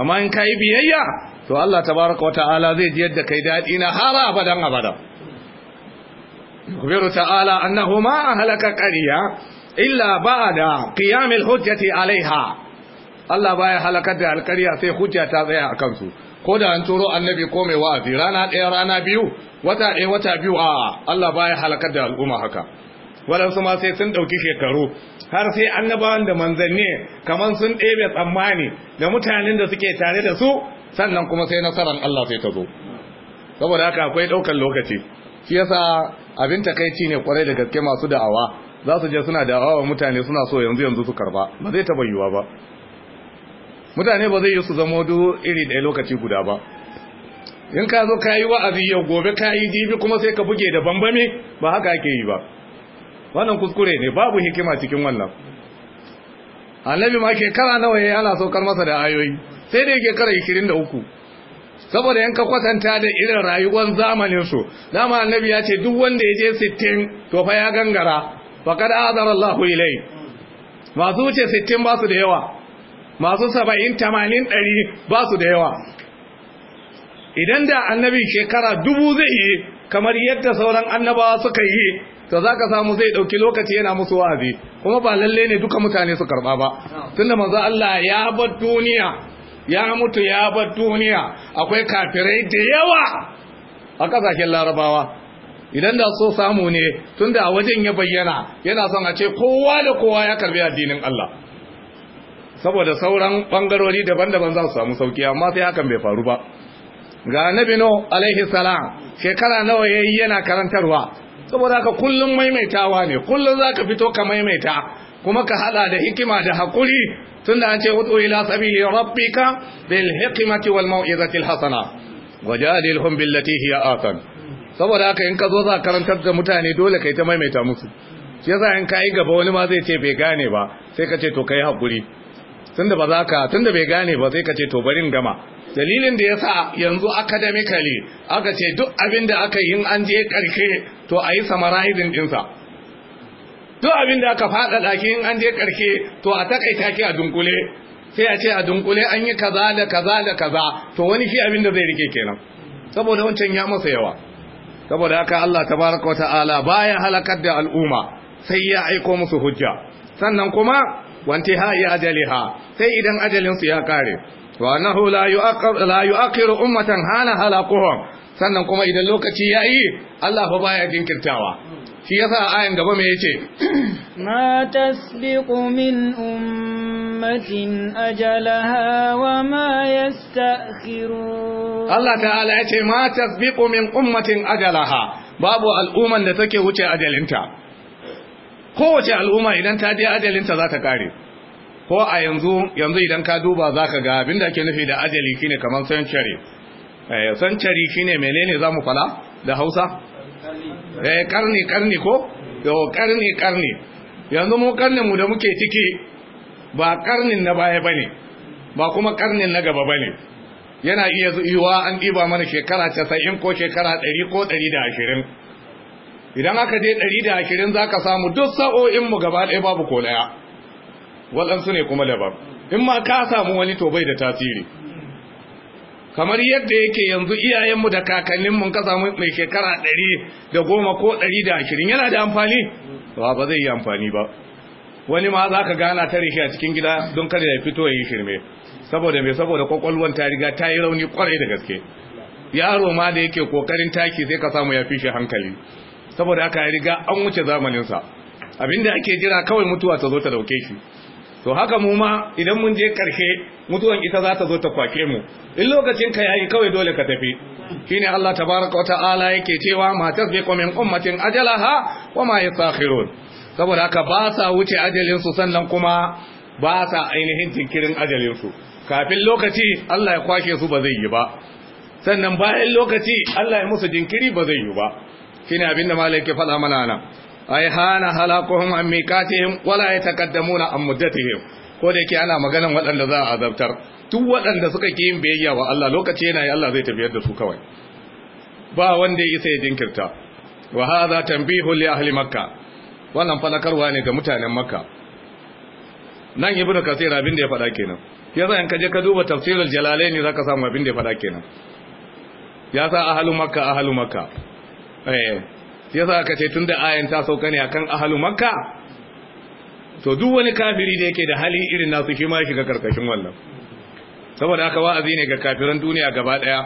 amma in ka yi biyayya to Allah tabaraka wa ta'ala zai ji yadda kai daɗi na har abadan abadan yukhbiru ta'ala annahu ma ahlaka illa ba'da hujjati alaiha Allah baya halakar da alkariya sai hujja ta tsaya a kansu ko da an turo annabi ko mai wa'azi rana ɗaya rana biyu wata ɗaya wata biyu a Allah baya halakar da al'umma haka waɗansu ma sai sun ɗauki shekaru har sai annabawan da manzanni kamar sun ɗebe tsammani da mutanen da suke tare da su sannan kuma sai nasarar Allah sai ta zo saboda haka akwai ɗaukar lokaci shi yasa abin takaici ne kwarai da gaske masu da'awa za su je suna da'awa mutane suna so yanzu yanzu su karba ba zai taɓa yiwuwa ba mutane ba zai yi su zama duk iri ɗaya lokaci guda ba in ka zo kayi yi wa'azi yau gobe ka yi jibi kuma sai ka buge da bambami ba haka ake yi ba wannan kuskure ne babu hikima cikin wannan annabi ma ke kara nawa yayi ana saukar masa da ayoyi sai da yake kara 23 saboda yanka kwatanta da irin rayuwar zamanin su dama annabi ya ce duk wanda ya je 60 to fa ya gangara faqad azara Allahu ilai masu wuce 60 ba su da yawa masu saba'in tamanin ɗari ba su da yawa idan da annabi shekara dubu zai yi kamar yadda sauran annabawa suka yi ta za ka samu zai ɗauki lokaci yana musu wa'azi kuma ba lalle ne duka mutane su karɓa ba tunda manzo Allah ya bar duniya ya mutu ya bar duniya akwai kafirai da yawa a ƙasashen larabawa idan da so samu ne tunda a wajen ya bayyana yana son a ce kowa da kowa ya karbi addinin Allah saboda sauran bangarori daban-daban za su samu sauki amma sai hakan bai faru ba ga nabi no alaihi salam shekara nawa yayi yana karantarwa saboda haka kullun maimaitawa ne kullum zaka fito ka maimaita kuma ka hada da hikima da hakuri tunda an ce wudu ila sabili rabbika bil hikmati wal mau'izati al hasana wajadilhum billati hiya atan saboda haka in ka zo za karantar da mutane dole kai ta maimaita musu shi yasa in ka yi gaba wani ma zai ce bai gane ba sai ka ce to kai hakuri tunda ba za ka tunda bai gane ba sai ka ce to barin gama dalilin da yasa yanzu academically aka ce duk abin da aka yi an je karke to a yi summarizing sa duk abin da aka fada ki in an je karke to a takaita ki a dunkule sai a ce a dunkule an yi kaza da kaza da kaza to wani shi abin da zai rike kenan saboda wancan ya masa yawa saboda haka Allah tabaraka wa ta'ala baya halakar da al'umma sai ya aiko musu hujja sannan kuma wanti hayi ajaliha sai idan ajalinsu ya kare wa annahu la yu'akhiru ummatan hana halakuhum sannan kuma idan lokaci yayi Allah fa baya jinkirtawa shi yasa ayan gaba me yace ma tasbiqu min ummatin ajalaha wa ma yasta'khirun Allah ta'ala yace ma tasbiqu min ummatin ajalaha babu al'umman da take wuce ajalinta kowace al'umma idan ta je ajalinta za ta kare ko a yanzu yanzu idan ka duba za ka ga abinda ake nufi da ajali shine kamar eh century shine menene za mu fala da hausa eh, karni karni ko yo karni karni yanzu mu karnin mu da muke ciki ba karnin na baya bane ba kuma karnin na gaba bane yana iya zuwa an ɗiba mana shekara 90 ko shekara 100 ko 120 idan aka je ɗari da akirin za ka samu duk sa'o'inmu gaba ɗaya babu ko ɗaya waɗansu ne kuma dabam. in ma ka samu wani to bai da tasiri kamar yadda yake yanzu iyayenmu da kakanninmu ka samu mai shekara ɗari da goma ko ɗari da ashirin yana da amfani ba ba zai yi amfani ba wani ma za ka gana ta rishi a cikin gida don kada ya fito ya yi shirme saboda mai saboda kwakwalwan ta riga ta yi rauni kwarai da gaske yaro ma da yake kokarin taki sai ka samu ya fi shi hankali saboda aka riga an wuce zamaninsa abinda ake jira kawai mutuwa ta zo ta dauke shi to haka mu ma idan mun je karshe mutuwan ita za ta zo ta kwake mu in lokacin ka yayi kawai dole ka tafi shine Allah tabaraka wa ta'ala yake cewa ma tasbiqu min ummatin ajalaha wa ma yasakhirun saboda haka ba sa wuce ajalin su sannan kuma ba sa ainihin jinkirin ajalin su kafin lokaci Allah ya kwashe su ba zai yi ba sannan bayan lokaci Allah ya musu jinkiri ba zai yi ba shine abinda malai ke faɗa mana nan ai hana halakuhum an miqatihim wala yataqaddamuna an muddatihim ko da yake ana maganan waɗanda za a azabtar duk waɗanda suka ki yin biyayya wa Allah lokaci yana yi Allah zai tafiyar da su kawai ba wanda ya isa ya jinkirta wa hadha tanbihu li ahli makka wannan falakarwa ne ga mutanen makka nan ibnu kasir abin da ya faɗa kenan yasa in ka je ka duba tafsirul jalalaini zaka samu abin da ya faɗa kenan ya sa ahalu makka ahalu makka Eh, yasa aka ce tun da ayan ta sauka ne akan ahalu makka to duk wani kafiri da yake da hali irin nasu shi ma yake ga karkashin wannan saboda aka wa'azi ne ga kafiran duniya gaba daya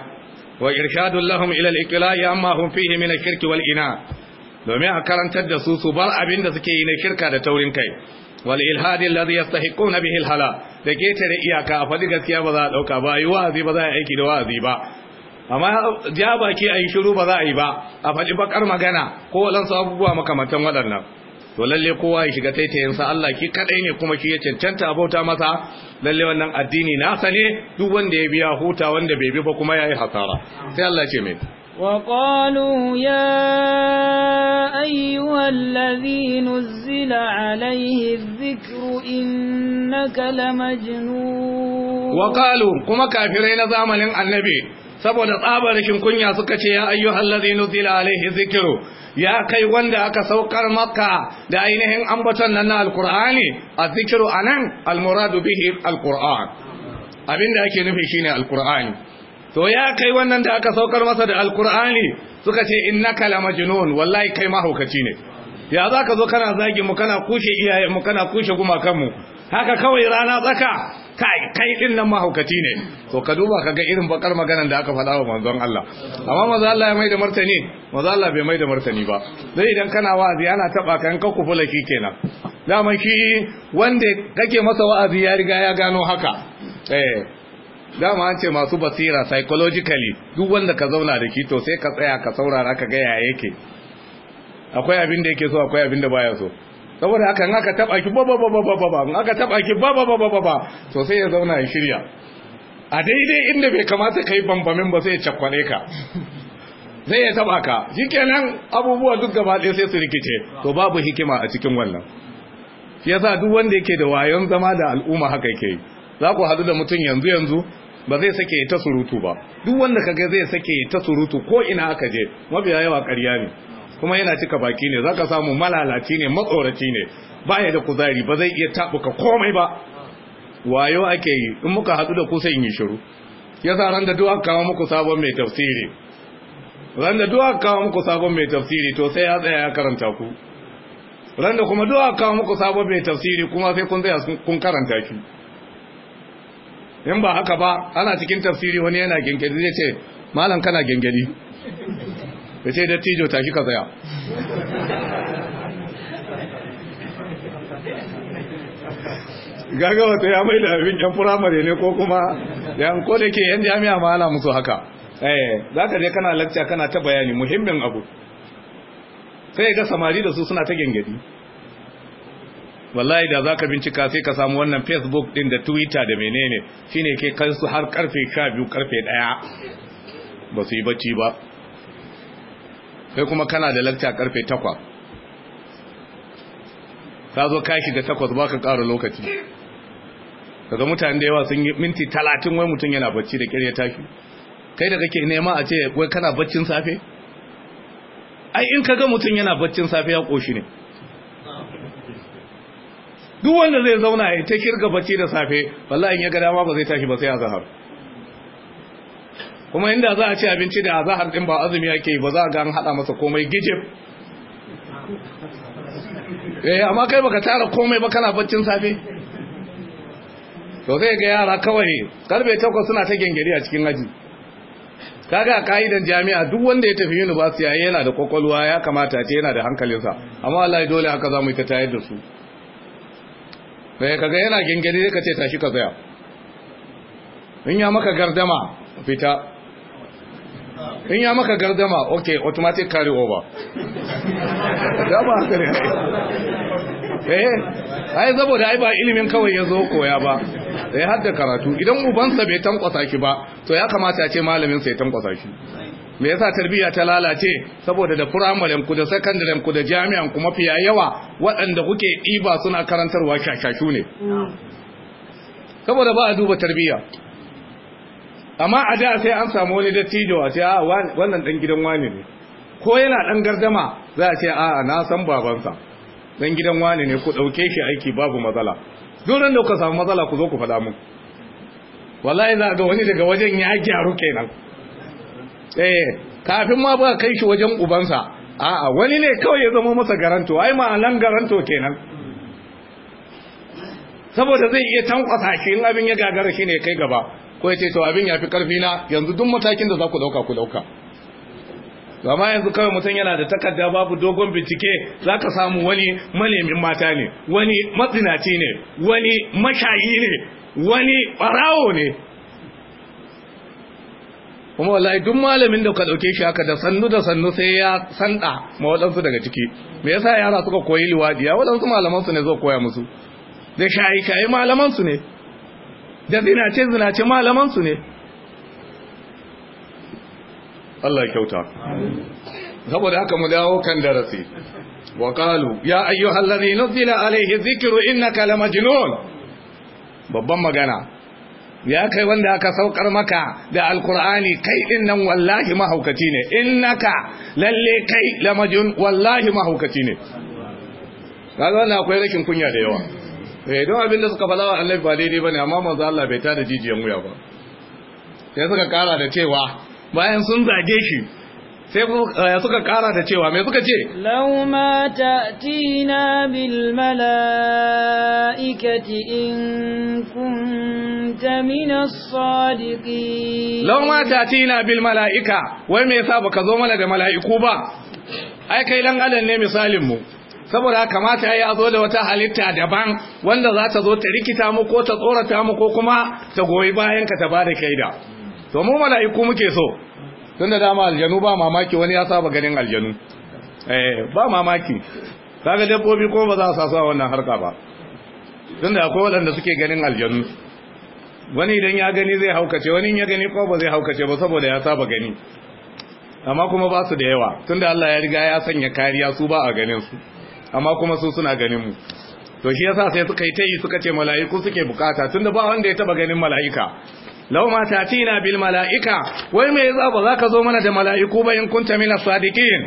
wa irshadul lahum ila al ya amma hum fihi min al-shirki wal ina domin a karantar da su su bar abin da suke yi na shirka da taurin kai wal ilhadi alladhi yastahiquna bihi al-hala da tare iyaka a fadi gaskiya ba za a dauka ba yi wa'azi ba za a aiki da wa'azi ba amma ja baki a yi shiru ba za a yi ba a faɗi bakar magana ko waɗansu abubuwa makamantan waɗannan to lalle kowa ya shiga sa Allah ki kaɗai ne kuma ki ya cancanta abota masa lalle wannan addini na ne duk wanda ya biya huta wanda bai bi ba kuma ya yi hasara sai Allah ce mai وقالوا يا أيها الذي dhikru innaka lamajnun wa qalu kuma kafirai na zamanin Annabi. saboda tsabar rashin kunya suka ce ya ayyuhal ladhi nuzila alaihi zikru ya kai wanda aka saukar maka da ainihin ambaton nan na alqur'ani azzikru anan almuradu bihi alqur'an abinda ake nufi shine alqur'ani to ya kai wannan da aka saukar masa da alqur'ani suka ce innaka lamajnun wallahi kai mahaukaci ne ya zaka zo kana zagi mu kana kushe iyayen mu kana kushe gumakan mu haka kawai rana tsaka kai kai din nan mahaukaci ne to ka duba ka ga irin bakar maganar da aka faɗa wa manzon Allah amma maza Allah ya mai da martani maza Allah bai mai da martani ba dai idan kana wa'azi ana taba kan ka kufula ki kenan mai ki wanda kake masa wa'azi ya riga ya gano haka eh dama an ce masu basira psychologically duk wanda ka zauna da ki to sai ka tsaya ka saurara ka ga ya yake akwai abin da yake so akwai abin da baya so saboda haka in aka taba ki ba ba ba ba ba ba aka taba ki ba ba ba ba ba to sai ya zauna ya shirya a daidai inda bai kamata kai bambamin ba sai ya cakwale ka zai ya taba ka shikenan abubuwa duk gaba ɗaya sai su rikice to babu hikima a cikin wannan shi yasa duk wanda yake da wayon zama da al'umma haka yake za ku hadu da mutum yanzu yanzu ba zai sake ta surutu ba duk wanda kaga zai sake ta surutu ko ina aka je mabiya yawa ƙarya ne kuma yana cika baki ne zaka samu malalaci ne matsoraci ne baya da kuzari ba zai iya tabuka komai ba wayo ake yi in muka hadu da ku sai in yi shiru yasa ran da duwa kawo muku sabon mai tafsiri ran da duwa kawo muku sabon mai tafsiri to sai ya tsaya ya karanta ku ran da kuma duwa kawo muku sabon mai tafsiri kuma sai kun tsaya kun karanta ki in ba haka ba ana cikin tafsiri wani yana gengedi zai ce malam kana gengedi ya ce tijo tashi ka tsaya gaga wata ya mai da yan firamare ne ko kuma yan ko da ke yan jami'a ma ana musu haka eh za ka je kana lakca kana ta bayani muhimmin abu sai ga samari da su suna ta gengedi wallahi da za ka bincika sai ka samu wannan facebook din da twitter da menene shine ke kansu har karfe biyu karfe 1 ba su yi bacci ba kai kuma kana da lakta karfe takwa ka zo ka shiga takwas ba ka ƙara lokaci daga mutane da yawa sun yi minti talatin wai mutum yana bacci da ƙirya tashi kai da kake nema a ce wai kana baccin safe ai in ka ga mutum yana baccin safe ya ƙoshi ne duk wanda zai zauna ya ta kirga bacci da safe wallahi in ya ga dama ba zai tashi ba sai a zahar kuma inda za a ci abinci da azahar din ba azumi yake ba za a ga an hada masa komai gijib eh amma kai baka tara komai ba kana baccin safe to sai ga yara kawai karbe takwas suna ta gengeri a cikin aji kaga kaidan jami'a duk wanda ya tafi university yayi yana da kokolwa ya kamata ce yana da hankalinsa amma wallahi dole haka zamu yi ta tayar da su sai eh, kaga yana gengeri ka ce tashi ka tsaya in ya maka gardama fita in ya maka gardama ok automatic carry over dama haka ne eh ai saboda ai ba ilimin kawai ya zo koya ba ya eh, hadda karatu idan ubansa bai tankwasa shi ba to ya kamata ya ce malamin sa ya tankwasa shi. me yasa tarbiyya ta lalace saboda da firamaren ku da sakandaren ku da jami'an ku mafiya yawa waɗanda kuke ɗiba suna karantarwa shashashu ne mm. saboda ba a duba tarbiyya amma a da sai an samu wani dattijo a ce a ah, wannan dan gidan wani ne ko yana dan gardama za a ce a na san babansa dan gidan wani ne ku dauke shi aiki babu matsala duran da ku samu matsala ku zo ku faɗa mun wallahi za ga wani daga wajen ya gyaru kenan eh kafin ma ba kai shi wajen ubansa a'a wani ne kawai ya zama masa garanto ai ma nan garanto kenan saboda zai iya tankwasa shi in abin ya gagara shi ne kai gaba ko ya ce to abin ya fi karfi na yanzu duk matakin da za ku dauka ku dauka amma yanzu kawai mutum yana da takarda babu dogon bincike za ka samu wani malamin mata ne wani matsinaci ne wani mashayi ne wani barawo ne kuma wallahi duk malamin da ka dauke shi haka da sannu da sannu sai ya sanda ma waɗansu daga ciki me yasa yara suka koyi liwadiya waɗansu malaman su ne zo koya musu da shayi shayi malaman su ne da zinace zinace malaman su ne Allah ya kyauta saboda haka mu dawo kan darasi wa qalu ya ayyuhal ladhi nuzila alayhi dhikru innaka lamajnun babban magana ya kai wanda aka saukar maka da alkur'ani kai din nan wallahi mahaukaci ne innaka lalle kai lamajun wallahi mahaukaci ne kaga wannan akwai rashin kunya da yawa eh don abin da suka faɗa wa annabi ba daidai ne amma manzo Allah bai tada jijiyan wuya ba sai suka kara da cewa bayan sun zage shi sai eh, suka kara da cewa mai suka ce lauma ta'tina bil mala'ikati in kunta minas sadiqin lauma ta'tina bil mala'ika wai me yasa baka zo mana da mala'iku ba ai kai dan adam ne misalin mu saboda kamata ya yi a zo da wata halitta daban wanda za ta zo ta rikita mu ko ta tsorata mu ko kuma ta goyi bayan ka ta ba da kaida to mu mala'iku muke so tun da dama aljanu ba mamaki wani ya saba ganin aljanu eh ba mamaki kaga dabbobi ko ba za su sa wannan harka ba tun da akwai waɗanda suke ganin aljanu wani idan ya gani zai haukace wani ya gani ko ba zai haukace ba saboda ya saba gani amma kuma ba su da yawa tunda Allah ya riga ya sanya kariya su ba a ganin su amma kuma su suna ganin mu to shi yasa sai suka yi tayi suka ce mala'iku suke bukata tunda ba wanda ya taba ganin mala'ika law ma tatina bil mala'ika wai me yasa ba za ka zo mana da mala'iku ba in kunta mina sadiqin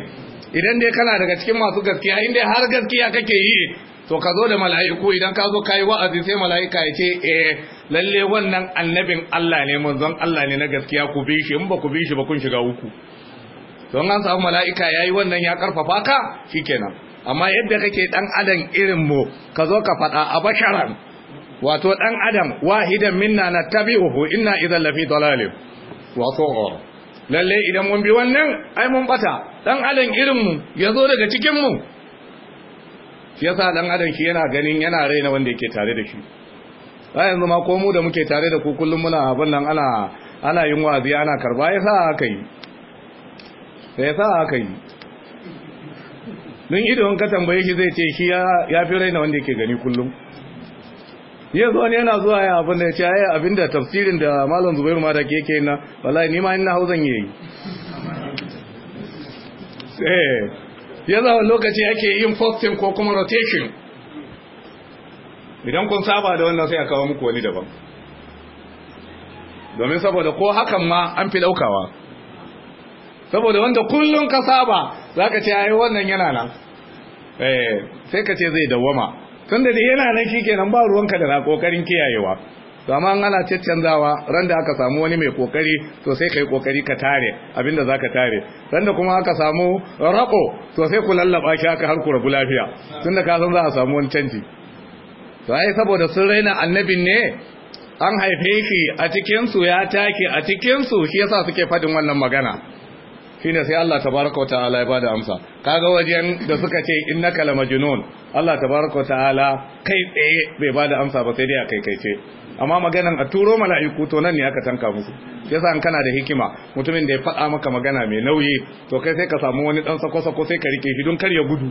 idan dai kana daga cikin masu gaskiya in dai har gaskiya kake yi to ka zo da mala'iku idan ka zo kai wa'azi sai mala'ika ya ce eh lalle wannan annabin Allah ne manzon Allah ne na gaskiya ku bi shi in ba ku bi shi ba kun shiga uku don an samu mala'ika yayi wannan ya karfafa ka shikenan amma yadda kake dan adam irin mu ka zo ka faɗa a basharan wato dan adam wahidan minna nattabi'uhu inna idhal lafi dalalin wa su'ur lalle idan mun bi wannan ai mun bata dan adam irin mu yazo daga cikin mu yasa dan adam shi yana ganin yana raina wanda yake tare da shi a yanzu ma ko mu da muke tare da ku kullum muna abin nan ana ana yin wazi ana karba yasa haka yi yasa haka yi don in ka tambaye shi zai ce shi ya fi raina wanda yake gani kullum ya zo ne yana zuwa ya abin da ya ce ya abin da tafsirin da malon zubairu ma da ke na wallahi ni ma ina hau zan yi eh, ya zawo lokaci ake yin posting ko kuma rotation idan kun saba da wannan sai a kawo muku wani daban domin saboda ko hakan ma an fi daukawa saboda wanda kullum ka saba za ka ce ai wannan yana nan eh, sai ka ce zai dawwama tunda da yana nan kenan ba ruwanka da kokarin kiyayewa to amma an ana caccanzawa ran da aka samu wani mai kokari to sai kai kokari ka tare abinda zaka tare ran da kuma aka samu rako to sai ku lallaba shi aka har ku rabu lafiya tunda ka san za a samu wani canji to ai saboda sun raina annabin ne an haife shi a cikinsu ya take a cikinsu su shi yasa suke fadin wannan magana shine sai Allah tabaraka wa ta'ala ya bada amsa kaga wajen da suka ce innaka la majnun Allah tabaraka wa ta'ala kai tsaye bai bada amsa ba sai dai a kaice. amma maganan a turo mala'iku to nan ne aka tanka musu yasa an kana da hikima mutumin da ya faɗa maka magana mai nauyi to kai sai ka samu wani dan sako sako sai ka rike shi don kar ya gudu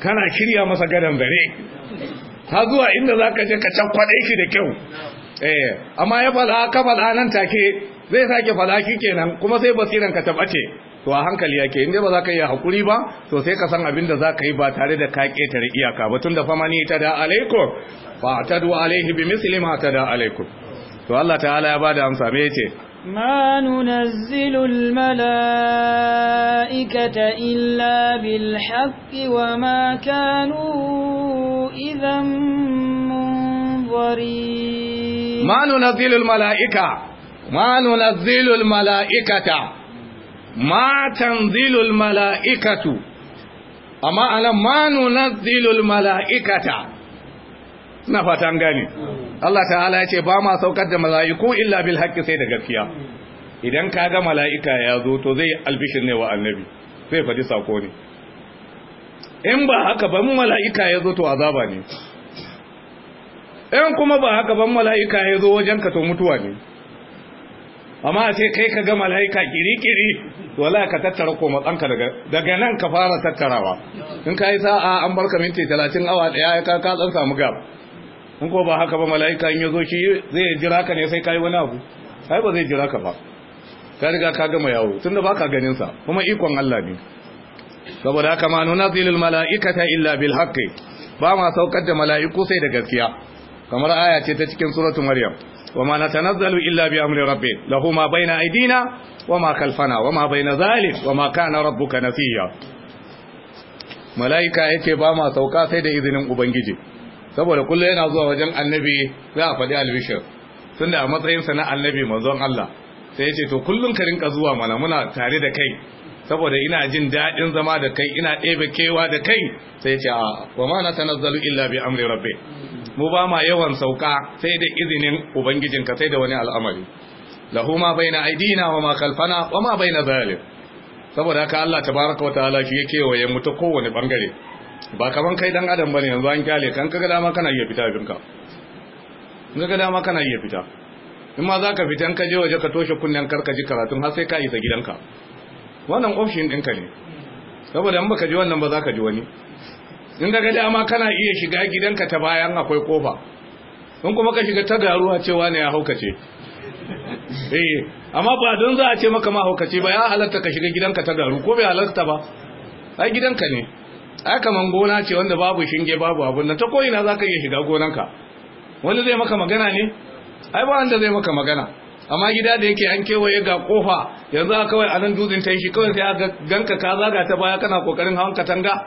kana kirya masa gadan bare ka zuwa inda zaka je ka cakwade shi da kyau eh amma ya faɗa ka faɗa nan take zai sake fada shi kenan kuma sai basiran ka tabace to a hankali yake inda ba za ka yi hakuri ba to sai ka san abin da za ka yi ba tare da ka ƙetare iyaka ba tunda fa mani ta da alaikum fa ta du alaihi bi misli ta da alaikum to Allah ta'ala ya bada amsa me yace ma nunazzilu illa bil haqqi wa ma kanu idan munzirin ma nunazzilu ma nunazzilul mala'ikata ma tanzilul mala'ikatu amma ana ma nunazzilul mala'ikata na fatan gane. Allah ta'ala ya ce ba ma saukar da mala'iku illa bil haqqi sai da gaskiya idan ka ga mala'ika ya zo to zai albishin ne wa annabi zai faɗi sako ne in ba haka ban mala'ika ya zo to azaba ne in kuma ba haka ban mala'ika ya zo wajen ka to mutuwa ne amma sai kai ka ga malaika kirikiri wala ka tattara ko matsanka daga nan ka fara tattarawa in ka yi sa'a an barka minti talatin awa daya ya ka dan samu gab in ko ba haka ba malaika in yazo shi zai jira ka ne sai kai wani abu sai ba zai jira ka ba ka riga ka gama yawo tunda baka ganin sa kuma ikon Allah ne saboda haka ma mala'ika malaikata illa bil haqqi ba ma saukar da mala'iku sai da gaskiya kamar aya ce ta cikin suratu maryam وما نتنزل إلا بأمر ربك له ما بين أيدينا وما خلفنا وما بين ذلك وما كان ربك نسيا ملائكة yake ba ma sauka sai da izinin ubangiji saboda kullum yana zuwa wajen annabi za a faɗi albishir tunda a matsayinsa na annabi manzon Allah sai ya ce to kullum ka rinka zuwa mana muna tare da kai saboda ina jin daɗin zama da kai ina ɗebe kewa da kai sai yace a wa ma natanazzalu illa bi amri rabbi mu ba ma yawan sauka sai da izinin ubangijinka sai da wani al'amari lahu ma baina aidina wa ma khalfana wa ma baina zalim saboda haka Allah tabaraka wataala shi yake waye mu ta kowane bangare ba kaman kai dan adam bane yanzu an kyale kan kaga dama kana iya fita binka kaga dama kana iya fita in ma zaka fita ka je waje ka toshe kunnen karka ji karatun har sai ka isa gidanka wannan option ɗinka ne saboda in baka ji wannan ba zaka ji wani in ga dama kana iya shiga gidanka ta bayan akwai kofa in kuma ka shiga ta garuwa cewa ne ya haukace eh amma ba don za a ce maka ma haukace ba ya halatta ka shiga gidanka ta garu ko bai halatta ba ai gidanka ne ai kaman gona ce wanda babu shinge babu abun nan ta ko ina zaka iya shiga gonanka wani zai maka magana ne ai ba wanda zai maka magana amma gida da yake an kewaye ga kofa yanzu a kawai anan dutsen ta yi shi kawai sai aka ganka ka zaga ta baya kana kokarin hawan katanga